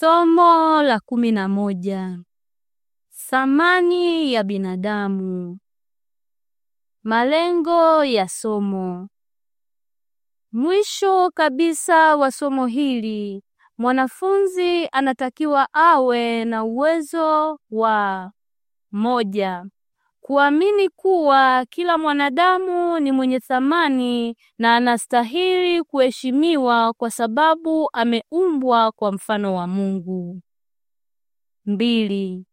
Somo la kumi na moja: Samani ya binadamu. Malengo ya somo. Mwisho kabisa wa somo hili, mwanafunzi anatakiwa awe na uwezo wa: moja, kuamini kuwa kila mwanadamu ni mwenye thamani na anastahili kuheshimiwa kwa sababu ameumbwa kwa mfano wa Mungu. Mbili,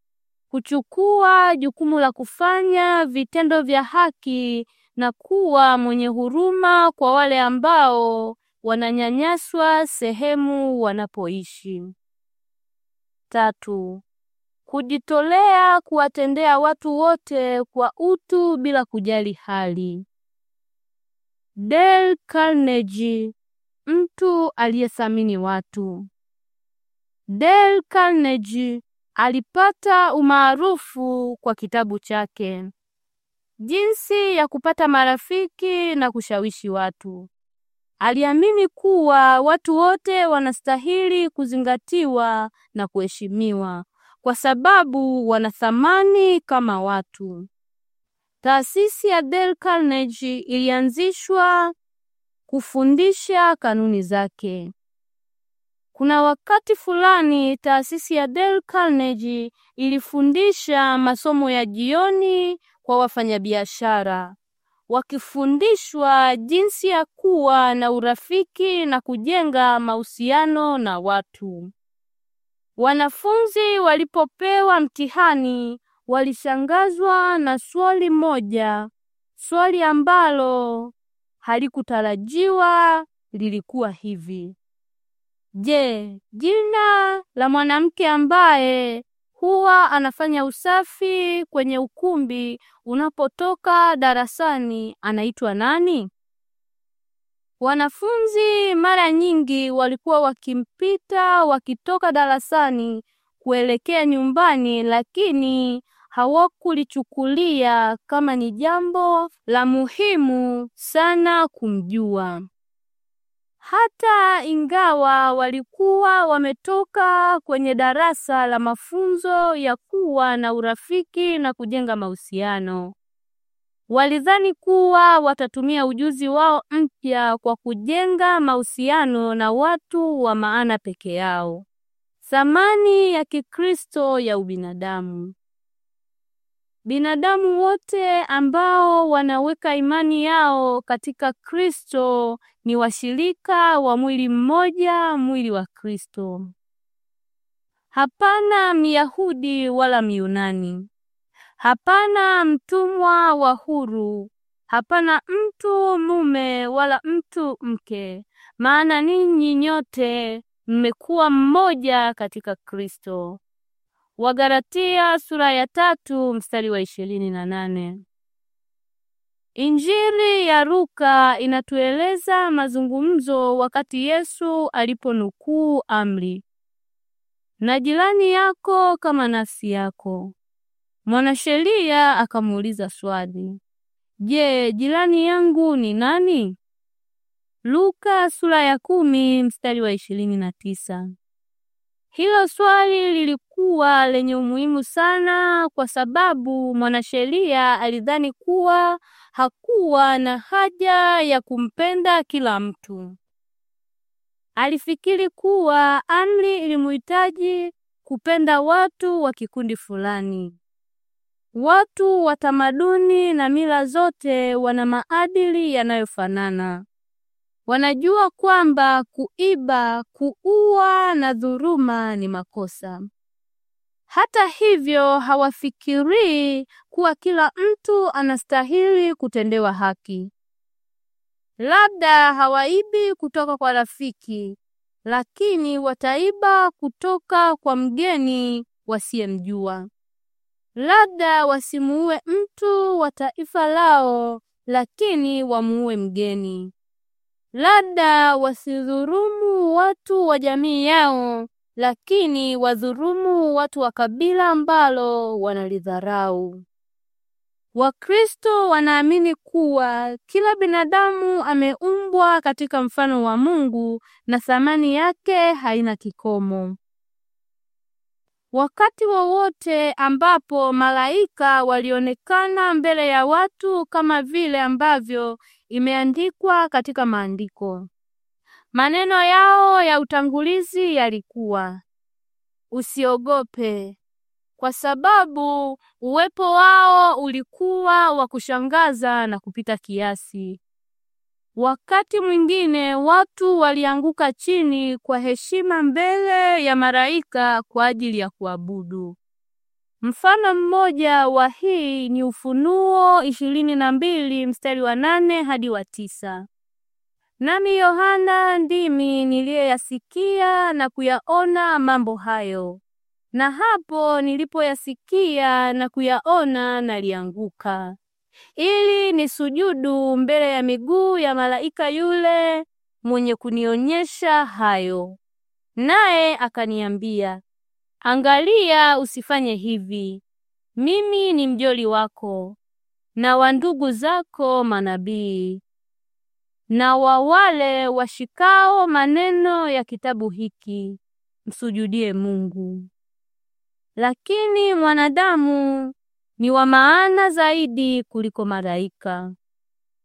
kuchukua jukumu la kufanya vitendo vya haki na kuwa mwenye huruma kwa wale ambao wananyanyaswa sehemu wanapoishi. Tatu, kujitolea kuwatendea watu wote kwa utu bila kujali hali. Dale Carnegie, mtu aliyethamini watu. Dale Carnegie alipata umaarufu kwa kitabu chake Jinsi ya kupata marafiki na kushawishi watu. Aliamini kuwa watu wote wanastahili kuzingatiwa na kuheshimiwa kwa sababu wana thamani kama watu. Taasisi ya Dale Carnegie ilianzishwa kufundisha kanuni zake. Kuna wakati fulani taasisi ya Dale Carnegie ilifundisha masomo ya jioni kwa wafanyabiashara, wakifundishwa jinsi ya kuwa na urafiki na kujenga mahusiano na watu. Wanafunzi walipopewa mtihani walishangazwa na swali moja, swali ambalo halikutarajiwa lilikuwa hivi: Je, jina la mwanamke ambaye huwa anafanya usafi kwenye ukumbi unapotoka darasani anaitwa nani? Wanafunzi mara nyingi walikuwa wakimpita wakitoka darasani kuelekea nyumbani, lakini hawakulichukulia kama ni jambo la muhimu sana kumjua. Hata ingawa walikuwa wametoka kwenye darasa la mafunzo ya kuwa na urafiki na kujenga mahusiano. Walidhani kuwa watatumia ujuzi wao mpya kwa kujenga mahusiano na watu wa maana peke yao. Thamani ya Kikristo ya ubinadamu. Binadamu wote ambao wanaweka imani yao katika Kristo ni washirika wa mwili mmoja, mwili wa Kristo. Hapana Myahudi wala Myunani. Hapana mtumwa wa huru, hapana mtu mume wala mtu mke, maana ninyi nyote mmekuwa mmoja katika Kristo. Wagalatia sura ya tatu mstari wa ishirini na nane. Injili ya Luka inatueleza mazungumzo wakati Yesu aliponukuu amri, na jirani yako kama nafsi yako. Mwanasheria akamuuliza swali, je, jirani yangu ni nani? Luka sura ya kumi mstari wa ishirini na tisa. Hilo swali lilikuwa lenye umuhimu sana kwa sababu mwanasheria alidhani kuwa hakuwa na haja ya kumpenda kila mtu. Alifikiri kuwa amri ilimuhitaji kupenda watu wa kikundi fulani. Watu wa tamaduni na mila zote wana maadili yanayofanana. Wanajua kwamba kuiba, kuua na dhuruma ni makosa. Hata hivyo, hawafikirii kuwa kila mtu anastahili kutendewa haki. Labda hawaibi kutoka kwa rafiki, lakini wataiba kutoka kwa mgeni wasiyemjua. Labda wasimuue mtu wa taifa lao, lakini wamuue mgeni. Labda wasidhurumu watu wa jamii yao, lakini wadhurumu watu wa kabila ambalo wanalidharau. Wakristo wanaamini kuwa kila binadamu ameumbwa katika mfano wa Mungu na thamani yake haina kikomo. Wakati wowote ambapo malaika walionekana mbele ya watu kama vile ambavyo imeandikwa katika maandiko. Maneno yao ya utangulizi yalikuwa usiogope, kwa sababu uwepo wao ulikuwa wa kushangaza na kupita kiasi. Wakati mwingine watu walianguka chini kwa heshima mbele ya malaika kwa ajili ya kuabudu. Mfano mmoja wa hii ni Ufunuo 22 mstari wa nane hadi wa tisa. Nami Yohana ndimi niliyeyasikia na kuyaona mambo hayo, na hapo nilipoyasikia na kuyaona nalianguka ili nisujudu mbele ya miguu ya malaika yule mwenye kunionyesha hayo. Naye akaniambia, angalia, usifanye hivi. Mimi ni mjoli wako na wa ndugu zako manabii na wa wale washikao maneno ya kitabu hiki, msujudie Mungu. Lakini mwanadamu ni wa maana zaidi kuliko malaika.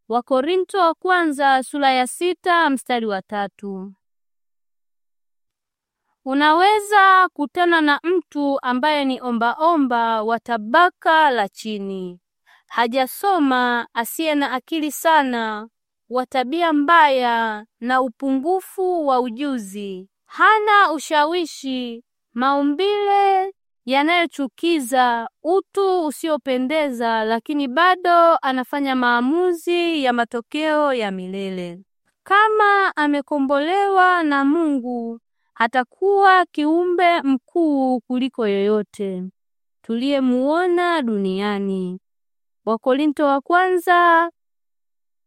Wakorinto wa kwanza sura ya sita mstari wa tatu. Unaweza kutana na mtu ambaye ni ombaomba wa tabaka la chini, hajasoma, asiye na akili sana, wa tabia mbaya na upungufu wa ujuzi, hana ushawishi, maumbile yanayochukiza, utu usiopendeza, lakini bado anafanya maamuzi ya matokeo ya milele. Kama amekombolewa na Mungu, atakuwa kiumbe mkuu kuliko yoyote tuliyemuona duniani. Wakorinto wa kwanza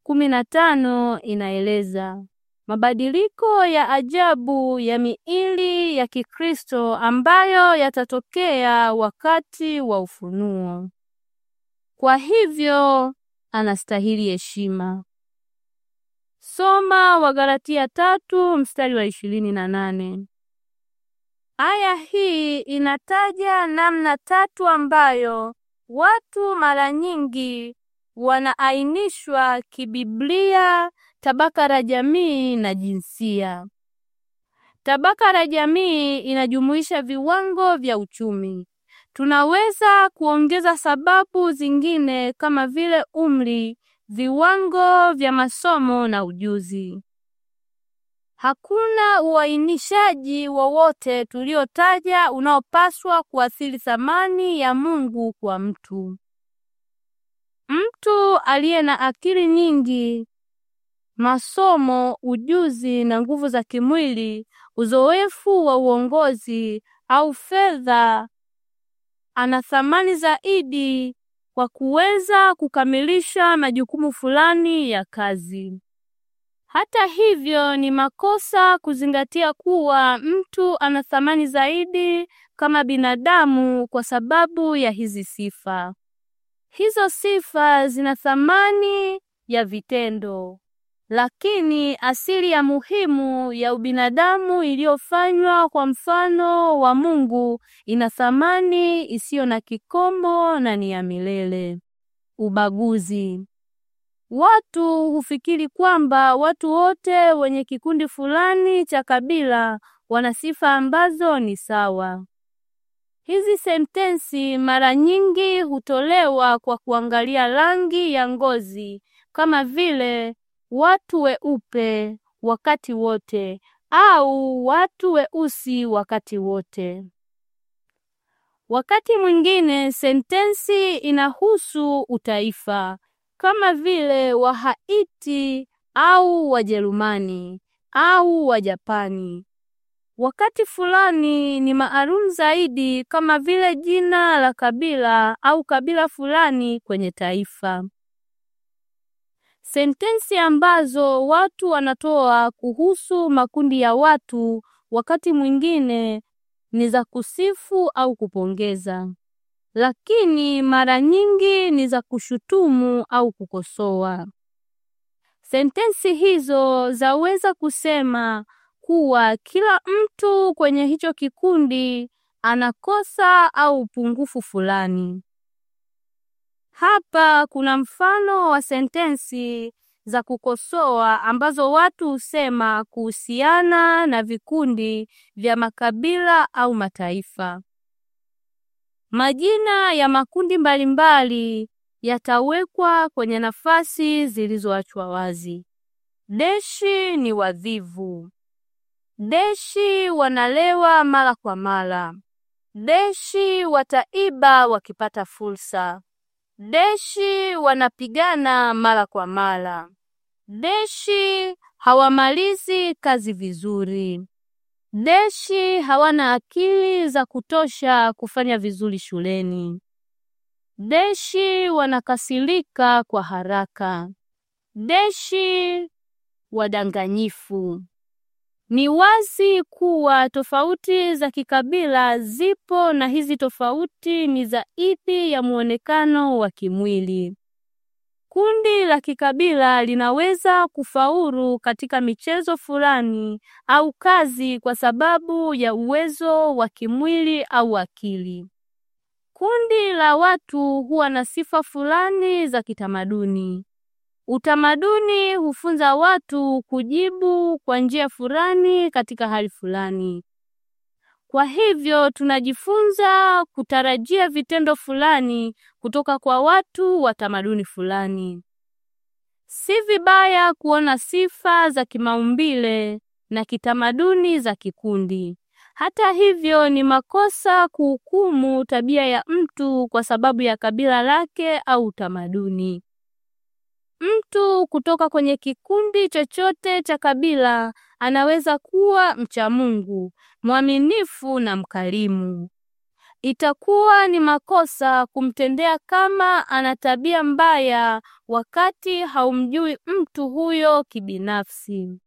15 inaeleza mabadiliko ya ajabu ya miili ya Kikristo ambayo yatatokea wakati wa ufunuo. Kwa hivyo anastahili heshima. Soma Wagalatia tatu mstari wa ishirini na nane. Aya hii inataja namna tatu ambayo watu mara nyingi wanaainishwa kibiblia Tabaka la jamii na jinsia. Tabaka la jamii inajumuisha viwango vya uchumi. Tunaweza kuongeza sababu zingine kama vile umri, viwango vya masomo na ujuzi. Hakuna uainishaji wowote tuliotaja unaopaswa kuathiri thamani ya Mungu kwa mtu. Mtu aliye na akili nyingi masomo, ujuzi na nguvu za kimwili, uzoefu wa uongozi au fedha, ana thamani zaidi kwa kuweza kukamilisha majukumu fulani ya kazi. Hata hivyo, ni makosa kuzingatia kuwa mtu ana thamani zaidi kama binadamu kwa sababu ya hizi sifa. Hizo sifa zina thamani ya vitendo lakini asili ya muhimu ya ubinadamu iliyofanywa kwa mfano wa Mungu ina thamani isiyo na kikomo na ni ya milele. Ubaguzi. Watu hufikiri kwamba watu wote wenye kikundi fulani cha kabila wana sifa ambazo ni sawa. Hizi sentensi mara nyingi hutolewa kwa kuangalia rangi ya ngozi kama vile watu weupe wakati wote au watu weusi wakati wote. Wakati mwingine sentensi inahusu utaifa kama vile Wahaiti au Wajerumani au Wajapani. Wakati fulani ni maalum zaidi kama vile jina la kabila au kabila fulani kwenye taifa. Sentensi ambazo watu wanatoa kuhusu makundi ya watu wakati mwingine ni za kusifu au kupongeza, lakini mara nyingi ni za kushutumu au kukosoa. Sentensi hizo zaweza kusema kuwa kila mtu kwenye hicho kikundi anakosa au upungufu fulani. Hapa kuna mfano wa sentensi za kukosoa ambazo watu husema kuhusiana na vikundi vya makabila au mataifa. Majina ya makundi mbalimbali yatawekwa kwenye nafasi zilizoachwa wazi. Deshi ni wadhivu. Deshi wanalewa mara kwa mara. Deshi wataiba wakipata fursa. Deshi wanapigana mara kwa mara. Deshi hawamalizi kazi vizuri. Deshi hawana akili za kutosha kufanya vizuri shuleni. Deshi wanakasirika kwa haraka. Deshi wadanganyifu. Ni wazi kuwa tofauti za kikabila zipo na hizi tofauti ni zaidi ya muonekano wa kimwili. Kundi la kikabila linaweza kufaulu katika michezo fulani au kazi kwa sababu ya uwezo wa kimwili au akili. Kundi la watu huwa na sifa fulani za kitamaduni. Utamaduni hufunza watu kujibu kwa njia fulani katika hali fulani. Kwa hivyo tunajifunza kutarajia vitendo fulani kutoka kwa watu wa tamaduni fulani. Si vibaya kuona sifa za kimaumbile na kitamaduni za kikundi. Hata hivyo, ni makosa kuhukumu tabia ya mtu kwa sababu ya kabila lake au utamaduni. Mtu kutoka kwenye kikundi chochote cha kabila anaweza kuwa mcha Mungu, mwaminifu na mkarimu. Itakuwa ni makosa kumtendea kama ana tabia mbaya wakati haumjui mtu huyo kibinafsi.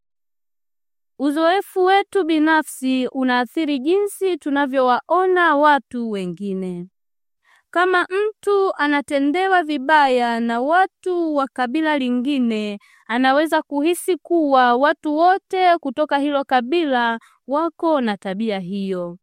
Uzoefu wetu binafsi unaathiri jinsi tunavyowaona watu wengine. Kama mtu anatendewa vibaya na watu wa kabila lingine, anaweza kuhisi kuwa watu wote kutoka hilo kabila wako na tabia hiyo.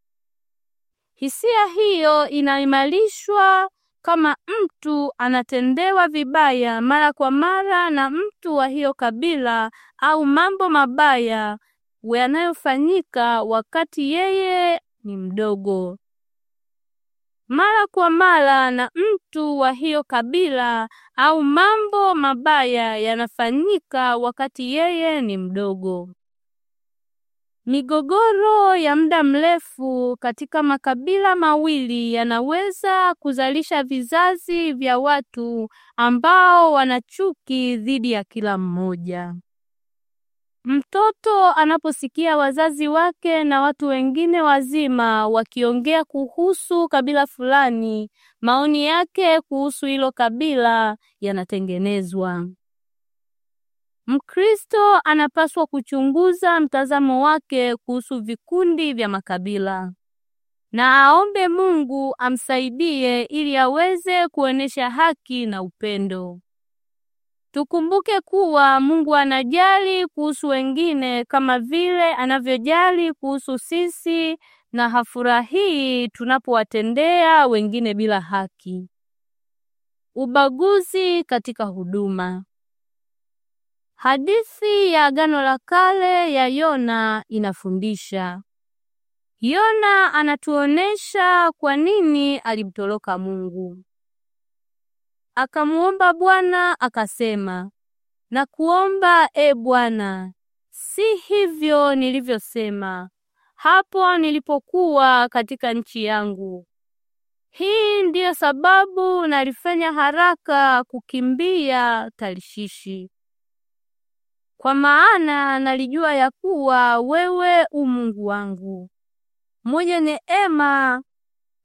Hisia hiyo inaimarishwa kama mtu anatendewa vibaya mara kwa mara na mtu wa hiyo kabila au mambo mabaya yanayofanyika wakati yeye ni mdogo mara kwa mara na mtu wa hiyo kabila au mambo mabaya yanafanyika wakati yeye ni mdogo. Migogoro ya muda mrefu katika makabila mawili yanaweza kuzalisha vizazi vya watu ambao wana chuki dhidi ya kila mmoja. Mtoto anaposikia wazazi wake na watu wengine wazima wakiongea kuhusu kabila fulani, maoni yake kuhusu hilo kabila yanatengenezwa. Mkristo anapaswa kuchunguza mtazamo wake kuhusu vikundi vya makabila na aombe Mungu amsaidie ili aweze kuonesha haki na upendo. Tukumbuke kuwa Mungu anajali kuhusu wengine kama vile anavyojali kuhusu sisi na hafurahii tunapowatendea wengine bila haki. Ubaguzi katika huduma. Hadithi ya Agano la Kale ya Yona inafundisha. Yona anatuonesha kwa nini alimtoroka Mungu. Akamwomba Bwana akasema, nakuomba e Bwana, si hivyo nilivyosema hapo nilipokuwa katika nchi yangu. Hii ndiyo sababu nalifanya haraka kukimbia Tarshishi, kwa maana nalijua ya kuwa wewe u Mungu wangu mwenye neema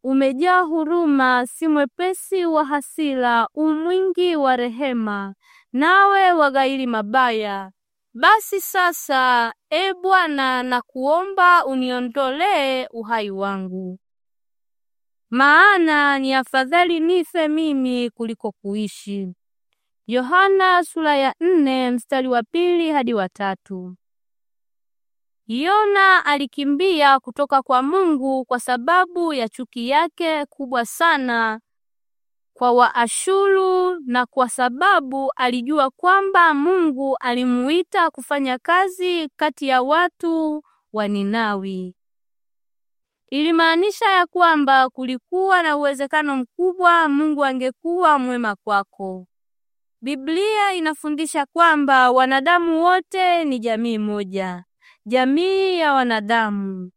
umejaa huruma, si mwepesi wa hasira, umwingi wa rehema, nawe waghairi mabaya. Basi sasa, e Bwana, nakuomba uniondolee uhai wangu, maana ni afadhali nife mimi kuliko kuishi. Yohana sura ya nne mstari wa pili hadi wa tatu. Yona alikimbia kutoka kwa Mungu kwa sababu ya chuki yake kubwa sana kwa Waashuru na kwa sababu alijua kwamba Mungu alimuita kufanya kazi kati ya watu wa Ninawi. Ilimaanisha ya kwamba kulikuwa na uwezekano mkubwa Mungu angekuwa mwema kwako. Biblia inafundisha kwamba wanadamu wote ni jamii moja jamii ya wanadamu.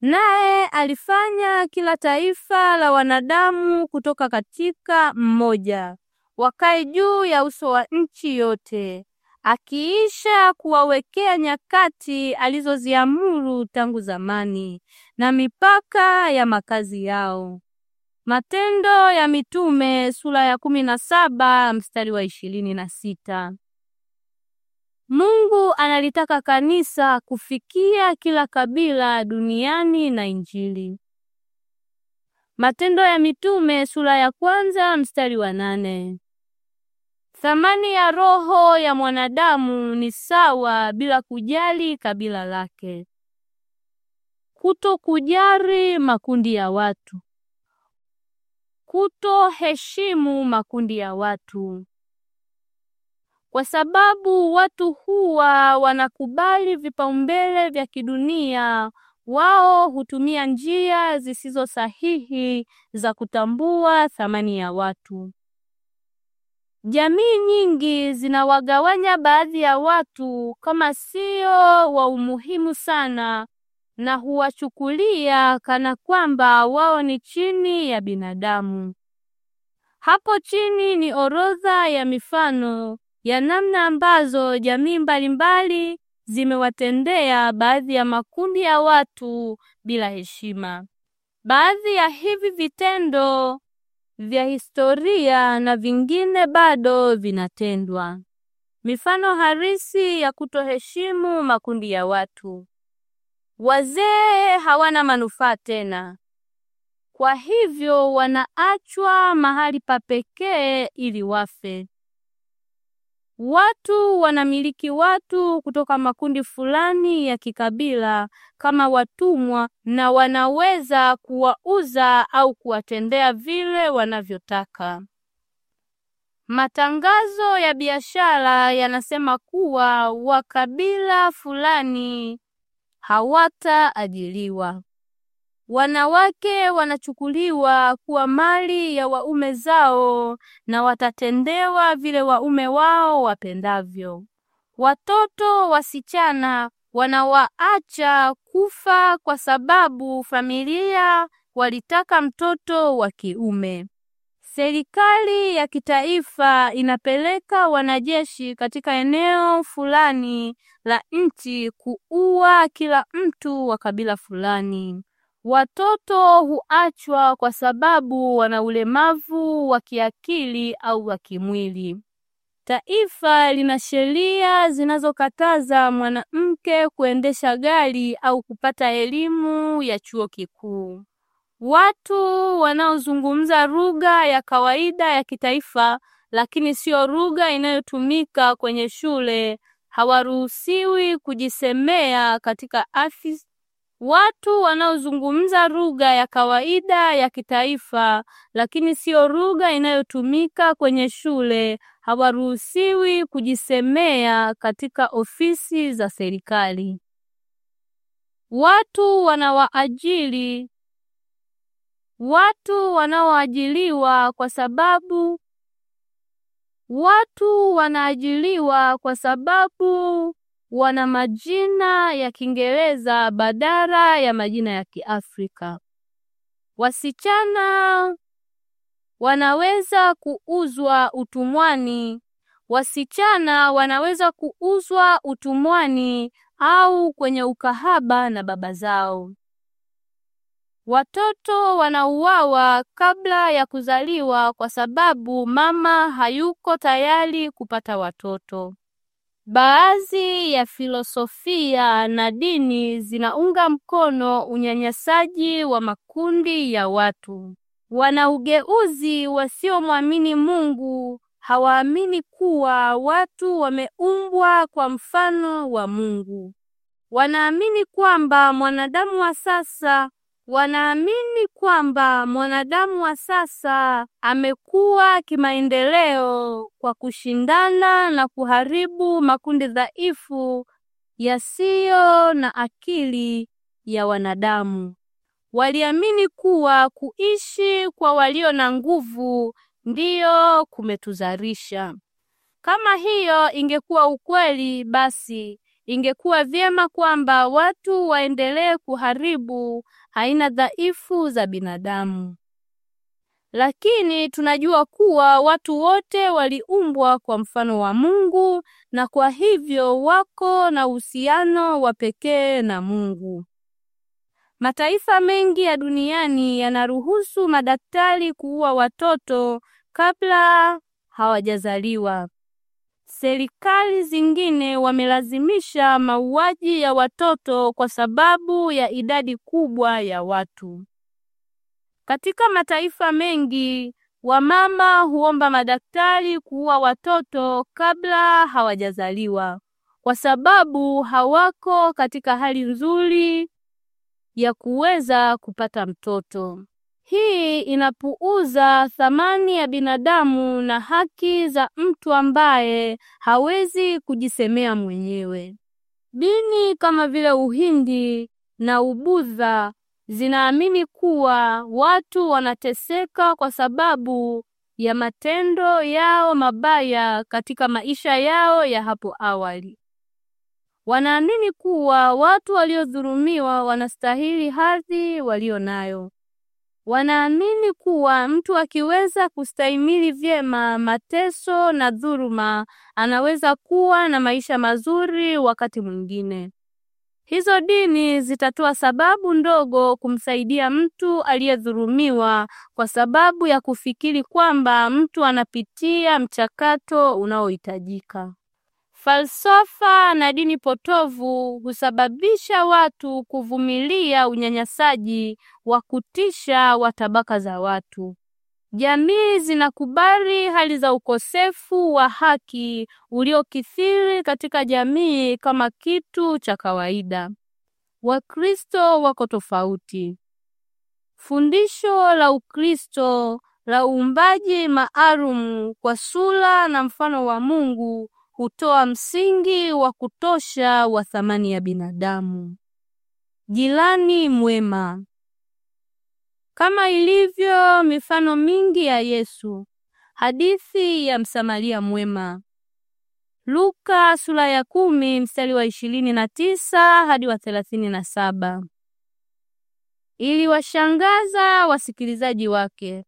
Naye alifanya kila taifa la wanadamu kutoka katika mmoja wakae juu ya uso wa nchi yote, akiisha kuwawekea nyakati alizoziamuru tangu zamani na mipaka ya makazi yao. Matendo ya Mitume sura ya kumi na saba mstari wa ishirini na sita. Mungu analitaka kanisa kufikia kila kabila duniani na Injili. Matendo ya Mitume sura ya kwanza mstari wa nane. Thamani ya roho ya mwanadamu ni sawa bila kujali kabila lake. Kuto makundi ya watu. Kuto heshimu makundi ya watu kwa sababu watu huwa wanakubali vipaumbele vya kidunia. Wao hutumia njia zisizo sahihi za kutambua thamani ya watu. Jamii nyingi zinawagawanya baadhi ya watu kama sio wa umuhimu sana na huwachukulia kana kwamba wao ni chini ya binadamu. Hapo chini ni orodha ya mifano ya namna ambazo jamii mbalimbali zimewatendea baadhi ya makundi ya watu bila heshima. Baadhi ya hivi vitendo vya historia na vingine bado vinatendwa. Mifano harisi ya kutoheshimu makundi ya watu. Wazee hawana manufaa tena, kwa hivyo wanaachwa mahali pa pekee ili wafe. Watu wanamiliki watu kutoka makundi fulani ya kikabila kama watumwa na wanaweza kuwauza au kuwatendea vile wanavyotaka. Matangazo ya biashara yanasema kuwa wakabila fulani hawataajiriwa. Wanawake wanachukuliwa kuwa mali ya waume zao na watatendewa vile waume wao wapendavyo. Watoto wasichana wanawaacha kufa kwa sababu familia walitaka mtoto wa kiume. Serikali ya kitaifa inapeleka wanajeshi katika eneo fulani la nchi kuua kila mtu wa kabila fulani. Watoto huachwa kwa sababu wana ulemavu wa kiakili au wa kimwili. Taifa lina sheria zinazokataza mwanamke kuendesha gari au kupata elimu ya chuo kikuu. Watu wanaozungumza lugha ya kawaida ya kitaifa lakini sio lugha inayotumika kwenye shule hawaruhusiwi kujisemea katika afisi watu wanaozungumza lugha ya kawaida ya kitaifa lakini siyo lugha inayotumika kwenye shule hawaruhusiwi kujisemea katika ofisi za serikali. Watu wanawaajili watu wanaoajiliwa kwa sababu watu wanaajiliwa kwa sababu wana majina ya Kiingereza badala ya majina ya Kiafrika. Wasichana wanaweza kuuzwa utumwani. Wasichana wanaweza kuuzwa utumwani au kwenye ukahaba na baba zao. Watoto wanauawa kabla ya kuzaliwa kwa sababu mama hayuko tayari kupata watoto. Baadhi ya filosofia na dini zinaunga mkono unyanyasaji wa makundi ya watu. Wanaugeuzi wasiomwamini Mungu hawaamini kuwa watu wameumbwa kwa mfano wa Mungu. Wanaamini kwamba mwanadamu wa sasa wanaamini kwamba mwanadamu wa sasa amekuwa kimaendeleo kwa kushindana na kuharibu makundi dhaifu yasiyo na akili ya wanadamu. Waliamini kuwa kuishi kwa walio na nguvu ndiyo kumetuzalisha. Kama hiyo ingekuwa ukweli, basi Ingekuwa vyema kwamba watu waendelee kuharibu aina dhaifu za binadamu. Lakini tunajua kuwa watu wote waliumbwa kwa mfano wa Mungu na kwa hivyo wako na uhusiano wa pekee na Mungu. Mataifa mengi ya duniani yanaruhusu madaktari kuua watoto kabla hawajazaliwa. Serikali zingine wamelazimisha mauaji ya watoto kwa sababu ya idadi kubwa ya watu. Katika mataifa mengi, wamama huomba madaktari kuua watoto kabla hawajazaliwa kwa sababu hawako katika hali nzuri ya kuweza kupata mtoto. Hii inapuuza thamani ya binadamu na haki za mtu ambaye hawezi kujisemea mwenyewe. Dini kama vile Uhindi na Ubudha zinaamini kuwa watu wanateseka kwa sababu ya matendo yao mabaya katika maisha yao ya hapo awali. Wanaamini kuwa watu waliodhulumiwa wanastahili hadhi walionayo. Wanaamini kuwa mtu akiweza kustahimili vyema mateso na dhuluma, anaweza kuwa na maisha mazuri wakati mwingine. Hizo dini zitatoa sababu ndogo kumsaidia mtu aliyedhulumiwa kwa sababu ya kufikiri kwamba mtu anapitia mchakato unaohitajika falsafa na dini potovu husababisha watu kuvumilia unyanyasaji wa kutisha wa tabaka za watu. Jamii zinakubali hali za ukosefu wa haki uliokithiri katika jamii kama kitu cha kawaida. Wakristo wako tofauti. Fundisho la Ukristo la uumbaji maalum kwa sura na mfano wa Mungu hutoa msingi wa kutosha wa thamani ya binadamu. Jirani mwema. Kama ilivyo mifano mingi ya Yesu, hadithi ya Msamaria mwema, Luka sura ya kumi mstari wa ishirini na tisa hadi wa thelathini na saba. Iliwashangaza wasikilizaji wake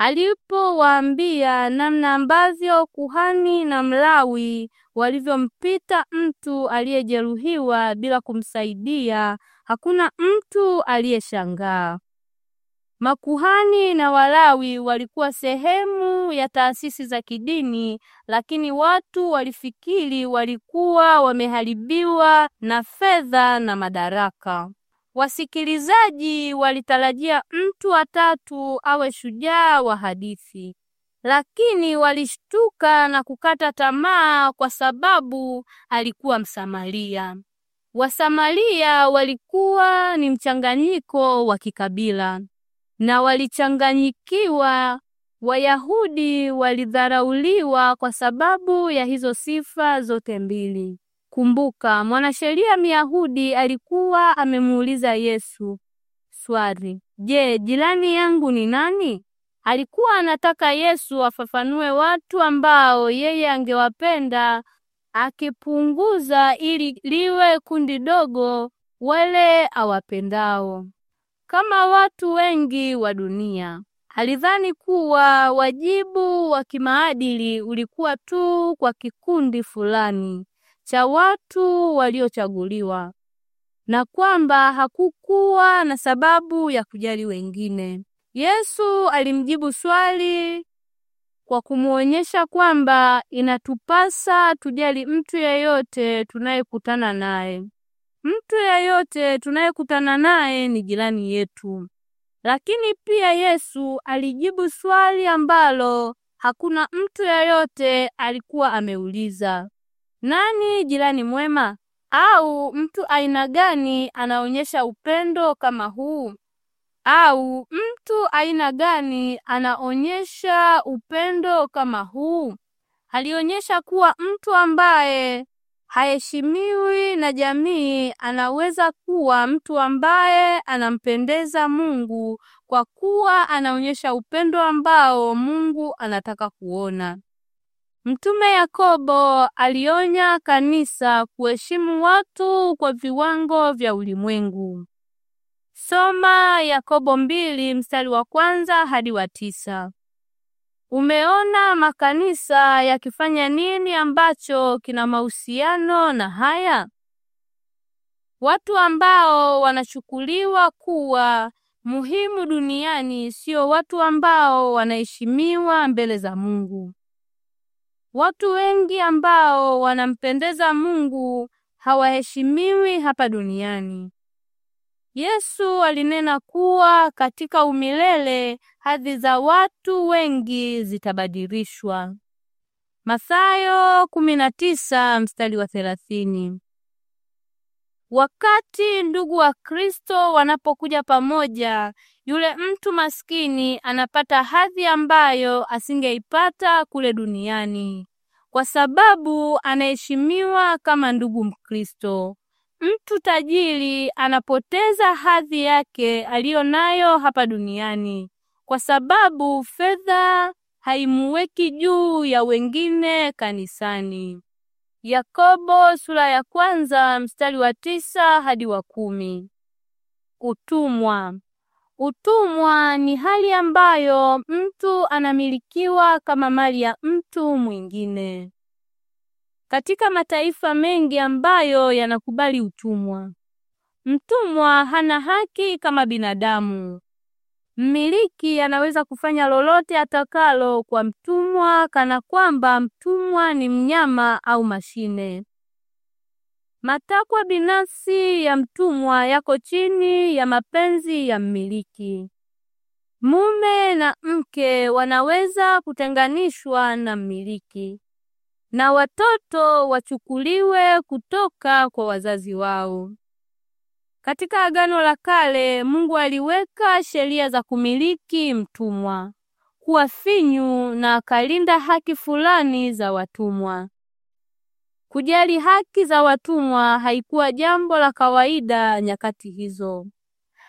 alipowaambia namna ambavyo kuhani na Mlawi walivyompita mtu aliyejeruhiwa bila kumsaidia, hakuna mtu aliyeshangaa. Makuhani na Walawi walikuwa sehemu ya taasisi za kidini, lakini watu walifikiri walikuwa wameharibiwa na fedha na madaraka. Wasikilizaji walitarajia mtu wa tatu awe shujaa wa hadithi, lakini walishtuka na kukata tamaa kwa sababu alikuwa Msamaria. Wasamaria walikuwa ni mchanganyiko wa kikabila na walichanganyikiwa. Wayahudi walidharauliwa kwa sababu ya hizo sifa zote mbili. Kumbuka, mwanasheria Myahudi alikuwa amemuuliza Yesu swali, je, jirani yangu ni nani? Alikuwa anataka Yesu afafanue watu ambao yeye angewapenda akipunguza ili liwe kundi dogo wale awapendao kama watu wengi wa dunia. Alidhani kuwa wajibu wa kimaadili ulikuwa tu kwa kikundi fulani cha watu waliochaguliwa na kwamba hakukuwa na sababu ya kujali wengine. Yesu alimjibu swali kwa kumuonyesha kwamba inatupasa tujali mtu yeyote tunayekutana naye. Mtu yeyote tunayekutana naye ni jirani yetu. Lakini pia Yesu alijibu swali ambalo hakuna mtu yeyote alikuwa ameuliza. Nani jirani mwema? Au mtu aina gani anaonyesha upendo kama huu? Au mtu aina gani anaonyesha upendo kama huu? Alionyesha kuwa mtu ambaye haheshimiwi na jamii anaweza kuwa mtu ambaye anampendeza Mungu kwa kuwa anaonyesha upendo ambao Mungu anataka kuona. Mtume Yakobo alionya kanisa kuheshimu watu kwa viwango vya ulimwengu. Soma Yakobo mbili mstari wa kwanza hadi wa tisa. Umeona makanisa yakifanya nini ambacho kina mahusiano na haya? Watu ambao wanachukuliwa kuwa muhimu duniani sio watu ambao wanaheshimiwa mbele za Mungu. Watu wengi ambao wanampendeza Mungu hawaheshimiwi hapa duniani. Yesu alinena kuwa katika umilele hadhi za watu wengi zitabadilishwa. Mathayo 19 mstari wa 30. Wakati ndugu wa Kristo wanapokuja pamoja, yule mtu maskini anapata hadhi ambayo asingeipata kule duniani kwa sababu anaheshimiwa kama ndugu Mkristo. Mtu tajiri anapoteza hadhi yake aliyo nayo hapa duniani kwa sababu fedha haimuweki juu ya wengine kanisani. Yakobo sura ya kwanza mstari wa tisa hadi wa kumi. Utumwa. Utumwa ni hali ambayo mtu anamilikiwa kama mali ya mtu mwingine. Katika mataifa mengi ambayo yanakubali utumwa, mtumwa hana haki kama binadamu. Mmiliki anaweza kufanya lolote atakalo kwa mtumwa kana kwamba mtumwa ni mnyama au mashine. Matakwa binafsi ya mtumwa yako chini ya mapenzi ya mmiliki. Mume na mke wanaweza kutenganishwa na mmiliki, na watoto wachukuliwe kutoka kwa wazazi wao. Katika Agano la Kale, Mungu aliweka sheria za kumiliki mtumwa, kuwa finyu na akalinda haki fulani za watumwa. Kujali haki za watumwa haikuwa jambo la kawaida nyakati hizo.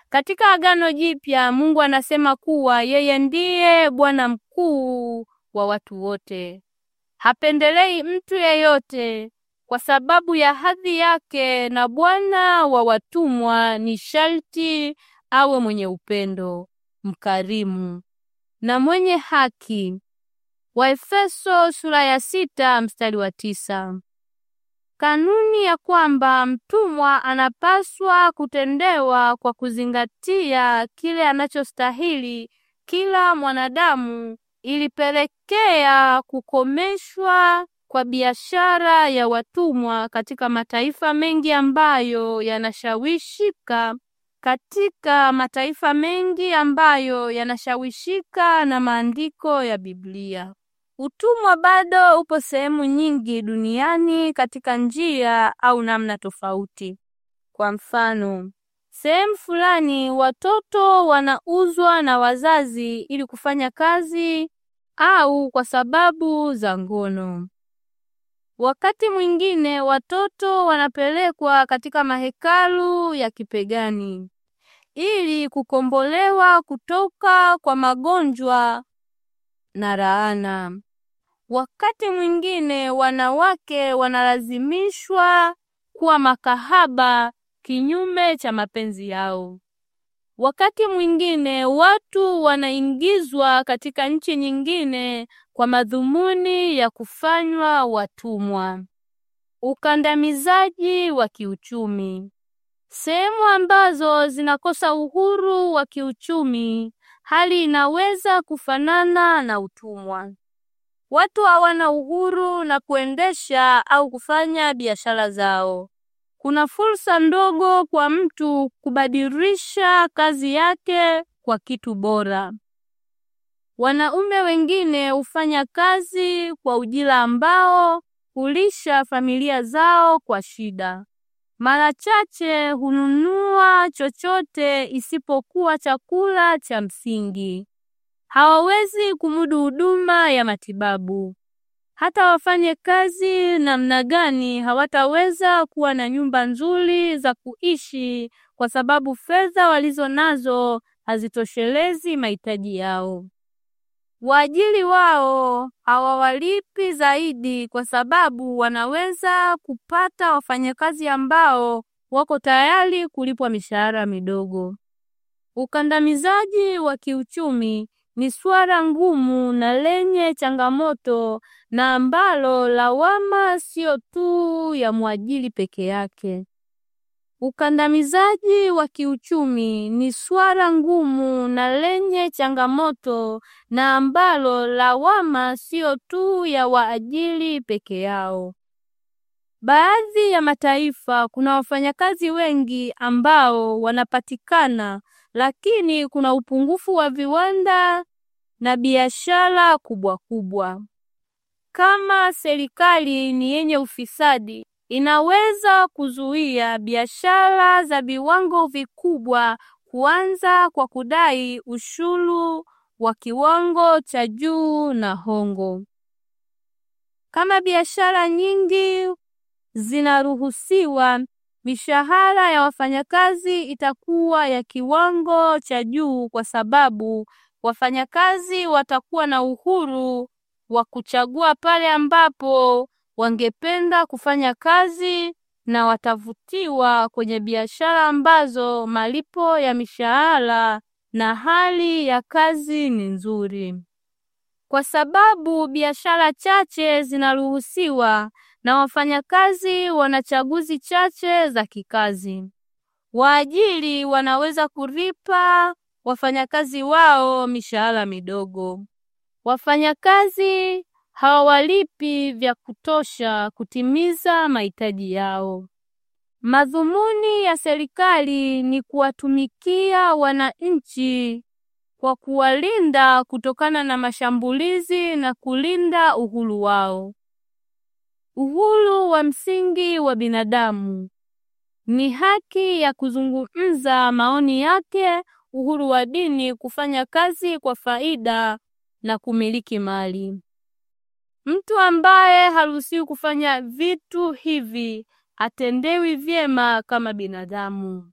Katika Agano Jipya, Mungu anasema kuwa yeye ndiye Bwana mkuu wa watu wote. Hapendelei mtu yeyote kwa sababu ya hadhi yake, na bwana wa watumwa ni sharti awe mwenye upendo, mkarimu na mwenye haki. Waefeso sura ya sita mstari wa tisa kanuni ya kwamba mtumwa anapaswa kutendewa kwa kuzingatia kile anachostahili kila mwanadamu ilipelekea kukomeshwa kwa biashara ya watumwa katika mataifa mengi ambayo yanashawishika katika mataifa mengi ambayo yanashawishika na maandiko ya Biblia. Utumwa bado upo sehemu nyingi duniani katika njia au namna tofauti. Kwa mfano, sehemu fulani watoto wanauzwa na wazazi ili kufanya kazi au kwa sababu za ngono. Wakati mwingine watoto wanapelekwa katika mahekalu ya kipegani ili kukombolewa kutoka kwa magonjwa na laana. Wakati mwingine wanawake wanalazimishwa kuwa makahaba kinyume cha mapenzi yao. Wakati mwingine watu wanaingizwa katika nchi nyingine kwa madhumuni ya kufanywa watumwa. Ukandamizaji wa kiuchumi. Sehemu ambazo zinakosa uhuru wa kiuchumi, hali inaweza kufanana na utumwa. Watu hawana uhuru na kuendesha au kufanya biashara zao. Kuna fursa ndogo kwa mtu kubadilisha kazi yake kwa kitu bora. Wanaume wengine hufanya kazi kwa ujira ambao hulisha familia zao kwa shida. Mara chache hununua chochote isipokuwa chakula cha msingi hawawezi kumudu huduma ya matibabu. Hata wafanye kazi namna gani, hawataweza kuwa na nyumba nzuri za kuishi kwa sababu fedha walizo nazo hazitoshelezi mahitaji yao. waajili wao hawawalipi zaidi kwa sababu wanaweza kupata wafanyakazi ambao wako tayari kulipwa mishahara midogo. Ukandamizaji wa kiuchumi ni suala ngumu na lenye changamoto na ambalo lawama sio tu ya mwajiri peke yake. Ukandamizaji wa kiuchumi ni suala ngumu na lenye changamoto na ambalo lawama sio tu ya waajiri peke yao. Baadhi ya mataifa kuna wafanyakazi wengi ambao wanapatikana lakini kuna upungufu wa viwanda na biashara kubwa kubwa. Kama serikali ni yenye ufisadi, inaweza kuzuia biashara za viwango vikubwa kuanza kwa kudai ushuru wa kiwango cha juu na hongo. Kama biashara nyingi zinaruhusiwa Mishahara ya wafanyakazi itakuwa ya kiwango cha juu kwa sababu wafanyakazi watakuwa na uhuru wa kuchagua pale ambapo wangependa kufanya kazi na watavutiwa kwenye biashara ambazo malipo ya mishahara na hali ya kazi ni nzuri. Kwa sababu biashara chache zinaruhusiwa na wafanyakazi wana chaguzi chache za kikazi. Waajiri wanaweza kulipa wafanyakazi wao mishahara midogo. Wafanyakazi hawalipi vya kutosha kutimiza mahitaji yao. Madhumuni ya serikali ni kuwatumikia wananchi kwa kuwalinda kutokana na mashambulizi na kulinda uhuru wao. Uhuru wa msingi wa binadamu ni haki ya kuzungumza maoni yake, uhuru wa dini kufanya kazi kwa faida na kumiliki mali. Mtu ambaye haruhusiwi kufanya vitu hivi hatendewi vyema kama binadamu.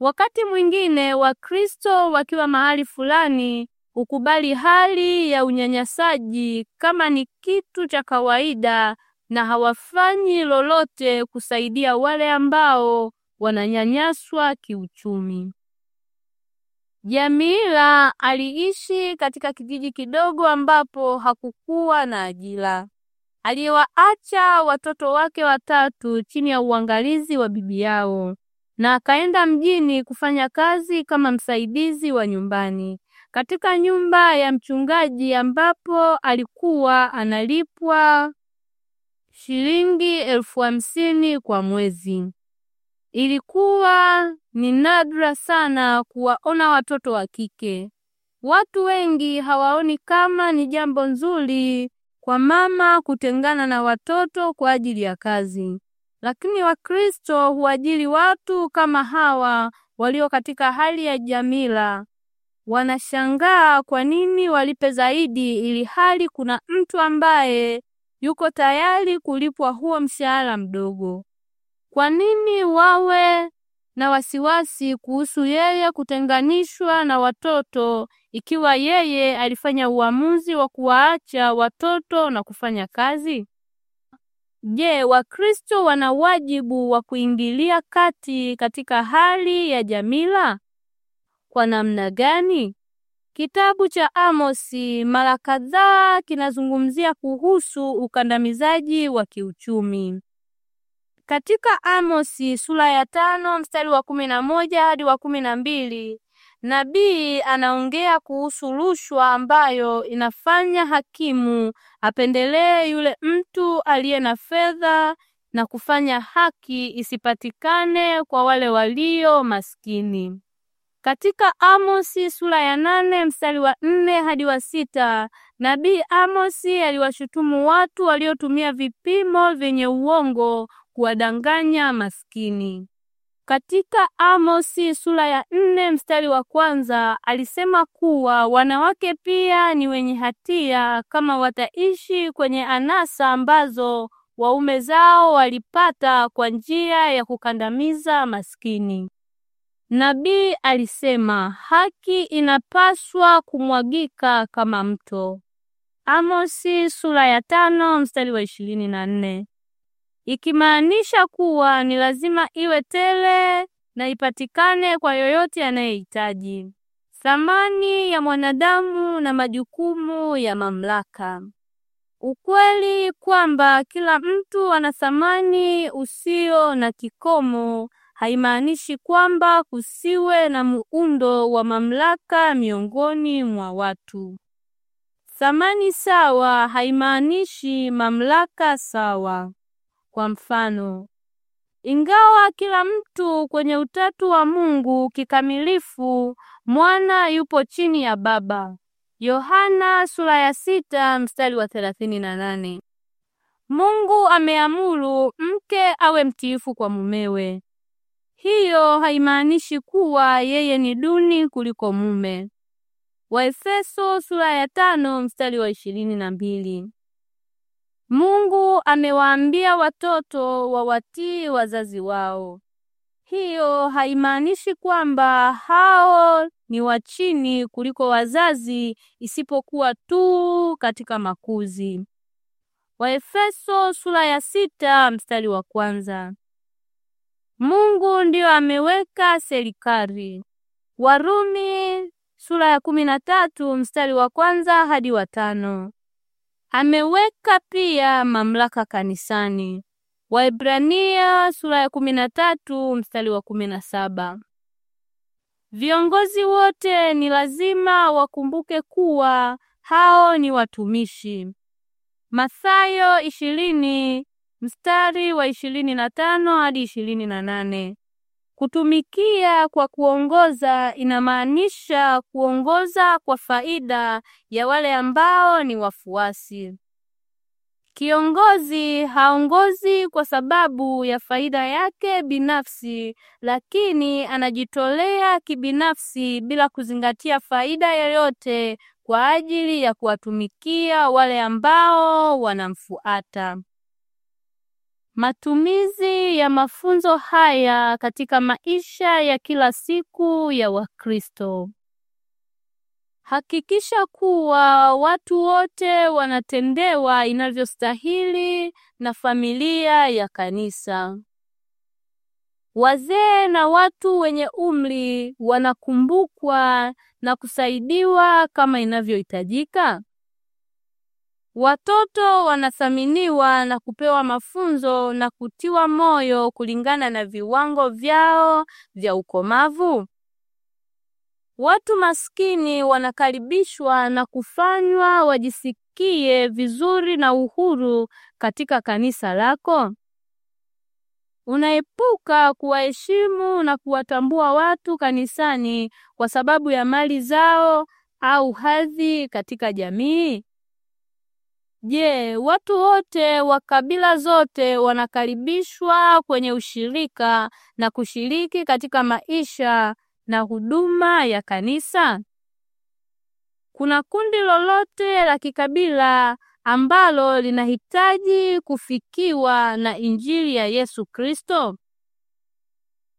Wakati mwingine Wakristo wakiwa mahali fulani hukubali hali ya unyanyasaji kama ni kitu cha kawaida na hawafanyi lolote kusaidia wale ambao wananyanyaswa kiuchumi. Jamila aliishi katika kijiji kidogo ambapo hakukuwa na ajira. Aliwaacha watoto wake watatu chini ya uangalizi wa bibi yao na akaenda mjini kufanya kazi kama msaidizi wa nyumbani katika nyumba ya mchungaji ambapo alikuwa analipwa shilingi elfu hamsini kwa mwezi. Ilikuwa ni nadra sana kuwaona watoto wa kike. Watu wengi hawaoni kama ni jambo nzuri kwa mama kutengana na watoto kwa ajili ya kazi, lakini Wakristo huajiri watu kama hawa walio katika hali ya jamila. Wanashangaa kwa nini walipe zaidi ili hali kuna mtu ambaye yuko tayari kulipwa huo mshahara mdogo. Kwa nini wawe na wasiwasi kuhusu yeye kutenganishwa na watoto ikiwa yeye alifanya uamuzi wa kuwaacha watoto na kufanya kazi? Je, Wakristo wana wajibu wa kuingilia kati katika hali ya Jamila? Kwa namna gani? Kitabu cha Amosi mara kadhaa kinazungumzia kuhusu ukandamizaji wa kiuchumi. Katika Amosi sura ya tano mstari wa kumi na moja hadi wa kumi na mbili nabii anaongea kuhusu rushwa ambayo inafanya hakimu apendelee yule mtu aliye na fedha na kufanya haki isipatikane kwa wale walio maskini. Katika Amosi sura ya nane mstari wa nne hadi wa sita nabii Amosi aliwashutumu watu waliotumia vipimo vyenye uongo kuwadanganya maskini. Katika Amosi sura ya nne mstari wa kwanza alisema kuwa wanawake pia ni wenye hatia kama wataishi kwenye anasa ambazo waume zao walipata kwa njia ya kukandamiza maskini. Nabii alisema haki inapaswa kumwagika kama mto. Amosi sura ya tano mstari wa ishirini na nne ikimaanisha kuwa ni lazima iwe tele na ipatikane kwa yoyote anayehitaji. Thamani ya mwanadamu na majukumu ya mamlaka. Ukweli kwamba kila mtu ana thamani usio na kikomo haimaanishi kwamba kusiwe na muundo wa mamlaka miongoni mwa watu. Thamani sawa haimaanishi mamlaka sawa. Kwa mfano, ingawa kila mtu kwenye utatu wa Mungu kikamilifu, mwana yupo chini ya Baba. Yohana sura ya sita mstari wa thelathini na nane. Mungu ameamuru mke awe mtiifu kwa mumewe. Hiyo haimaanishi kuwa yeye ni duni kuliko mume. Waefeso sura ya tano mstari wa ishirini na mbili. Mungu amewaambia watoto wawatii wazazi wao. Hiyo haimaanishi kwamba hao ni wa chini kuliko wazazi isipokuwa tu katika makuzi. Waefeso sura ya sita mstari wa kwanza. Mungu ndio ameweka serikali. Warumi sura ya kumi na tatu mstari wa kwanza hadi wa tano. Ameweka pia mamlaka kanisani. Waibrania sura ya kumi na tatu mstari wa kumi na saba. Viongozi wote ni lazima wakumbuke kuwa hao ni watumishi. Mathayo ishirini mstari wa ishirini na tano hadi ishirini na nane. Kutumikia kwa kuongoza inamaanisha kuongoza kwa faida ya wale ambao ni wafuasi. Kiongozi haongozi kwa sababu ya faida yake binafsi, lakini anajitolea kibinafsi bila kuzingatia faida yoyote kwa ajili ya kuwatumikia wale ambao wanamfuata. Matumizi ya mafunzo haya katika maisha ya kila siku ya Wakristo. Hakikisha kuwa watu wote wanatendewa inavyostahili na familia ya kanisa. Wazee na watu wenye umri wanakumbukwa na kusaidiwa kama inavyohitajika. Watoto wanathaminiwa na kupewa mafunzo na kutiwa moyo kulingana na viwango vyao vya ukomavu. Watu maskini wanakaribishwa na kufanywa wajisikie vizuri na uhuru katika kanisa lako. Unaepuka kuwaheshimu na kuwatambua watu kanisani kwa sababu ya mali zao au hadhi katika jamii. Je, watu wote wa kabila zote wanakaribishwa kwenye ushirika na kushiriki katika maisha na huduma ya kanisa? Kuna kundi lolote la kikabila ambalo linahitaji kufikiwa na Injili ya Yesu Kristo?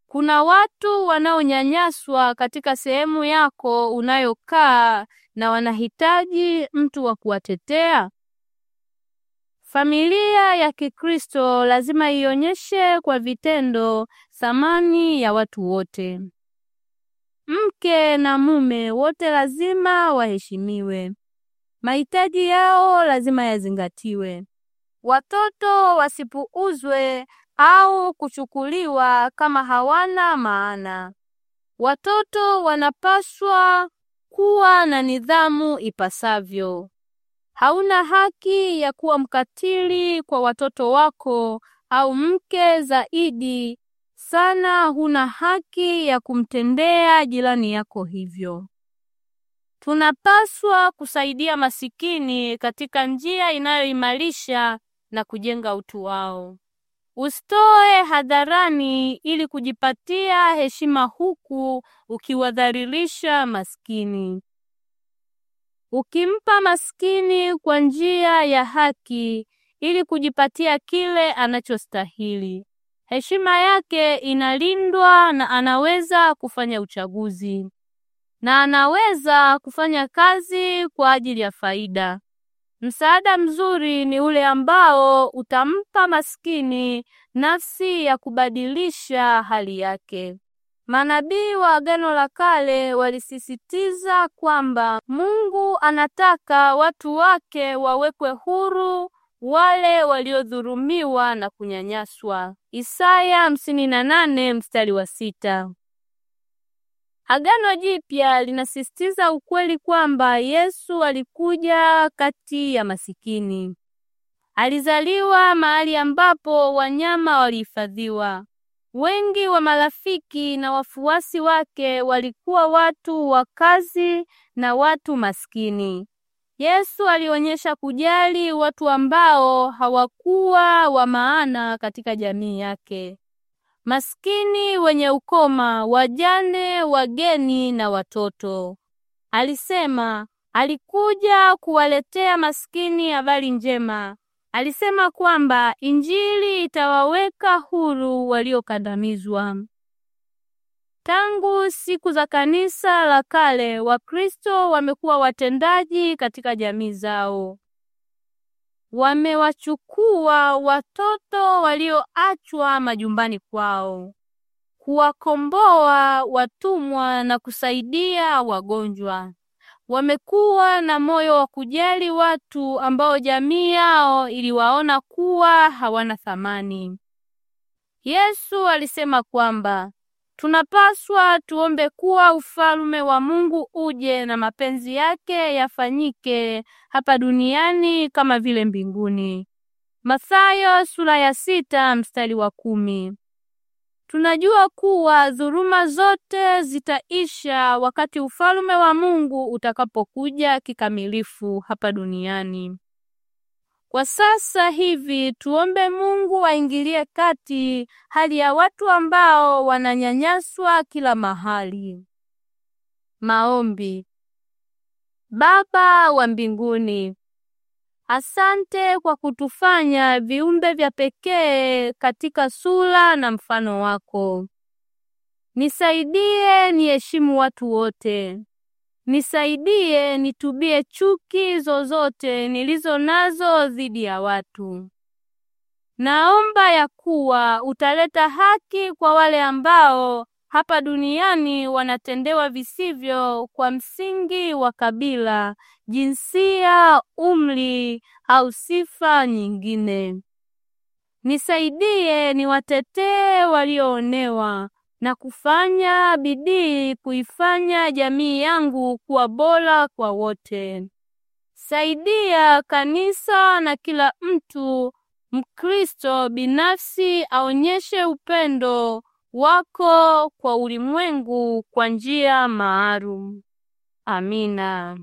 Kuna watu wanaonyanyaswa katika sehemu yako unayokaa na wanahitaji mtu wa kuwatetea? Familia ya Kikristo lazima ionyeshe kwa vitendo thamani ya watu wote. Mke na mume wote lazima waheshimiwe. Mahitaji yao lazima yazingatiwe. Watoto wasipuuzwe au kuchukuliwa kama hawana maana. Watoto wanapaswa kuwa na nidhamu ipasavyo. Hauna haki ya kuwa mkatili kwa watoto wako au mke. Zaidi sana, huna haki ya kumtendea jirani yako hivyo. Tunapaswa kusaidia masikini katika njia inayoimarisha na kujenga utu wao. Usitoe hadharani ili kujipatia heshima huku ukiwadhalilisha maskini ukimpa maskini kwa njia ya haki ili kujipatia kile anachostahili. Heshima yake inalindwa na anaweza kufanya uchaguzi na anaweza kufanya kazi kwa ajili ya faida. Msaada mzuri ni ule ambao utampa maskini nafsi ya kubadilisha hali yake. Manabii wa Agano la Kale walisisitiza kwamba Mungu anataka watu wake wawekwe huru wale waliodhulumiwa na kunyanyaswa. Isaya nane mstari wa sita. Agano Jipya linasisitiza ukweli kwamba Yesu alikuja kati ya masikini. Alizaliwa mahali ambapo wanyama walihifadhiwa. Wengi wa marafiki na wafuasi wake walikuwa watu wa kazi na watu maskini. Yesu alionyesha kujali watu ambao hawakuwa wa maana katika jamii yake. Maskini wenye ukoma, wajane, wageni na watoto. Alisema alikuja kuwaletea maskini habari njema. Alisema kwamba Injili itawaweka huru waliokandamizwa. Tangu siku za kanisa la kale, Wakristo wamekuwa watendaji katika jamii zao. Wamewachukua watoto walioachwa majumbani kwao, kuwakomboa watumwa na kusaidia wagonjwa wamekuwa na moyo wa kujali watu ambao jamii yao iliwaona kuwa hawana thamani. Yesu alisema kwamba tunapaswa tuombe kuwa ufalme wa Mungu uje na mapenzi yake yafanyike hapa duniani kama vile mbinguni. Mathayo sura ya sita mstari wa kumi. Tunajua kuwa dhuluma zote zitaisha wakati ufalme wa Mungu utakapokuja kikamilifu hapa duniani. Kwa sasa hivi tuombe Mungu aingilie kati hali ya watu ambao wananyanyaswa kila mahali. Maombi. Baba wa mbinguni, Asante kwa kutufanya viumbe vya pekee katika sura na mfano wako. Nisaidie niheshimu watu wote. Nisaidie nitubie chuki zozote nilizo nazo dhidi ya watu. Naomba ya kuwa utaleta haki kwa wale ambao hapa duniani wanatendewa visivyo kwa msingi wa kabila, jinsia, umri au sifa nyingine. Nisaidie niwatetee walioonewa na kufanya bidii kuifanya jamii yangu kuwa bora kwa wote. Saidia kanisa na kila mtu Mkristo binafsi aonyeshe upendo wako kwa ulimwengu kwa njia maalum. Amina.